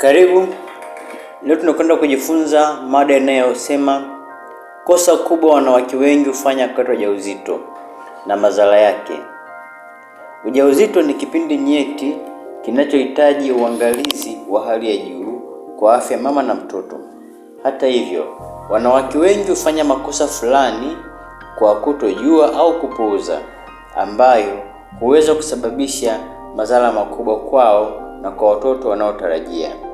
Karibu. Leo tunakwenda kujifunza mada inayosema kosa kubwa wanawake wengi hufanya wakati wa ujauzito na madhara yake. Ujauzito ni kipindi nyeti kinachohitaji uangalizi wa hali ya juu kwa afya mama na mtoto. Hata hivyo, wanawake wengi hufanya makosa fulani kwa kutojua au kupuuza, ambayo huweza kusababisha madhara makubwa kwao na kwa watoto wanaotarajia.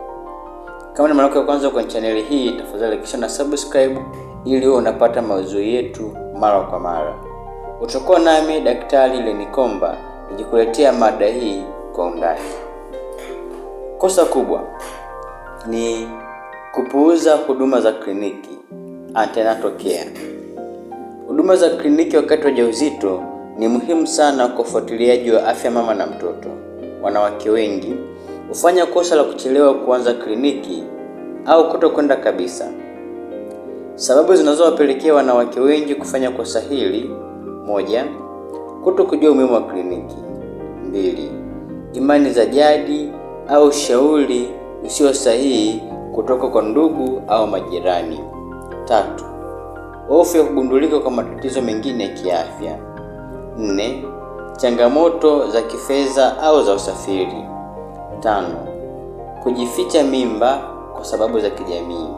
Kama ni mara yako ya kwanza kwenye chaneli hii, tafadhali kisha na subscribe ili uwe unapata mauzui yetu mara kwa mara. Utakuwa nami Daktari Lenikomba nikikuletea mada hii kwa undani. Kosa kubwa ni kupuuza huduma za kliniki antenatal care. Huduma za kliniki wakati wa ujauzito ni muhimu sana kwa ufuatiliaji wa afya mama na mtoto. Wanawake wengi hufanya kosa la kuchelewa kuanza kliniki au kutokwenda kabisa. Sababu zinazowapelekea wanawake wengi kufanya kosa hili: moja, kuto kujua umuhimu wa kliniki; mbili, imani za jadi au shauri usio sahihi kutoka kwa ndugu au majirani; tatu, hofu ya kugundulika kwa matatizo mengine ya kiafya; nne, changamoto za kifedha au za usafiri. Tano, kujificha mimba kwa sababu za kijamii.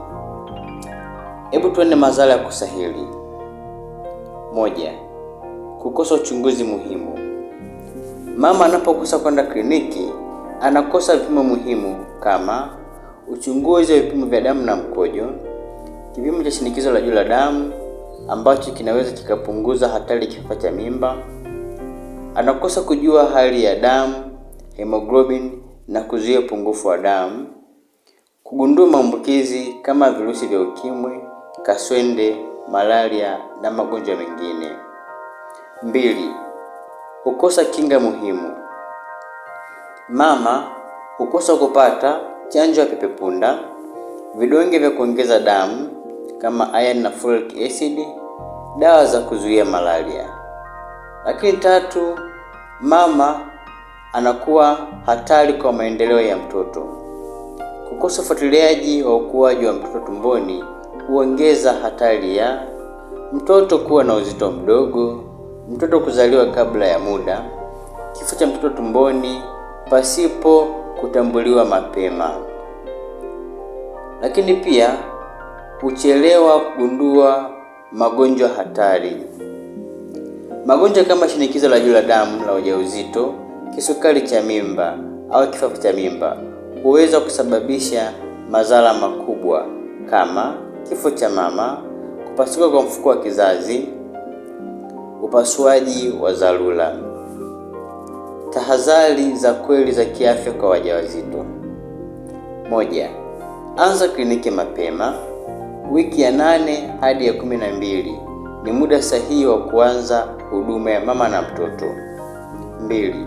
Hebu tuende madhara ya kusahili. Moja, kukosa uchunguzi muhimu. Mama anapokosa kwenda kliniki anakosa vipimo muhimu kama uchunguzi wa vipimo vya damu na mkojo, kipimo cha shinikizo la juu la damu ambacho kinaweza kikapunguza hatari kifafa cha mimba. Anakosa kujua hali ya damu, hemoglobin na kuzuia upungufu wa damu, kugundua maambukizi kama virusi vya ukimwi, kaswende, malaria na magonjwa mengine. Mbili, hukosa kinga muhimu. Mama hukosa kupata chanjo ya pepepunda, vidonge vya kuongeza damu kama iron na folic acid, dawa za kuzuia malaria. Lakini tatu, mama anakuwa hatari kwa maendeleo ya mtoto. Kukosa ufuatiliaji wa ukuaji wa mtoto tumboni huongeza hatari ya mtoto kuwa na uzito mdogo, mtoto kuzaliwa kabla ya muda, kifo cha mtoto tumboni pasipo kutambuliwa mapema. Lakini pia huchelewa kugundua magonjwa hatari. Magonjwa kama shinikizo la juu la damu la ujauzito kisukari cha mimba au kifafa cha mimba huweza kusababisha madhara makubwa kama kifo cha mama, kupasuka kwa mfuko wa kizazi, upasuaji wa dharura. Tahadhari za kweli za kiafya kwa wajawazito: moja, anza kliniki mapema. Wiki ya nane hadi ya kumi na mbili ni muda sahihi wa kuanza huduma ya mama na mtoto. mbili,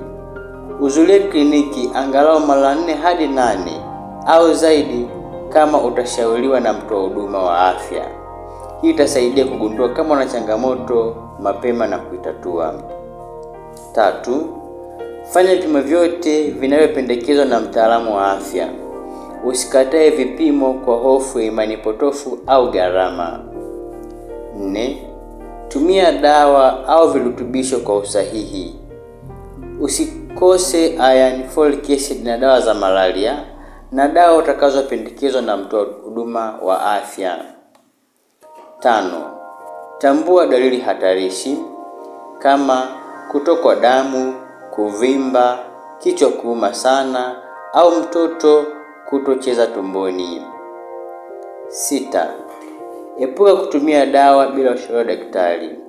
Uzulie kliniki angalau mara nne hadi nane au zaidi kama utashauriwa na mtoa huduma wa afya. Hii itasaidia kugundua kama una changamoto mapema na kuitatua. Tatu, fanya vipimo vyote vinavyopendekezwa na mtaalamu wa afya. Usikatae vipimo kwa hofu ya imani potofu au gharama. Nne, tumia dawa au virutubisho kwa usahihi. Usi Kose iron folic acid na dawa za malaria na dawa utakazopendekezwa na mtoa huduma wa afya. Tano, tambua dalili hatarishi kama kutokwa damu, kuvimba, kichwa kuuma sana au mtoto kutocheza tumboni. Sita, epuka kutumia dawa bila ushauri wa daktari.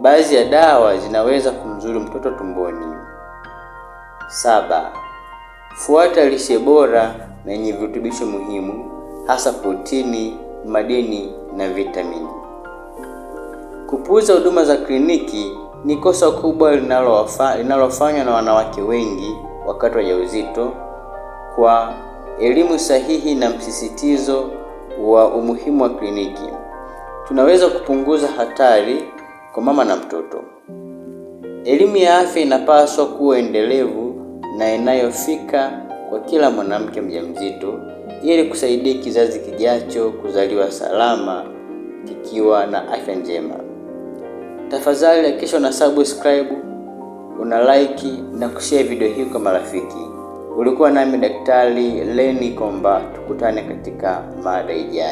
Baadhi ya dawa zinaweza kumzuru mtoto tumboni. Saba, fuata lishe bora na yenye virutubisho muhimu hasa protini, madini na vitamini. Kupuuza huduma za kliniki ni kosa kubwa linalofanywa na wanawake wengi wakati wa ujauzito. Kwa elimu sahihi na msisitizo wa umuhimu wa kliniki, tunaweza kupunguza hatari kwa mama na mtoto. Elimu ya afya inapaswa kuwa endelevu na inayofika kwa kila mwanamke mjamzito ili kusaidia kizazi kijacho kuzaliwa salama kikiwa na afya njema. Tafadhali hakikisha una subscribe, una like na kushare video hii kwa marafiki. Ulikuwa nami Daktari Lenny Komba, tukutane katika mada ijayo.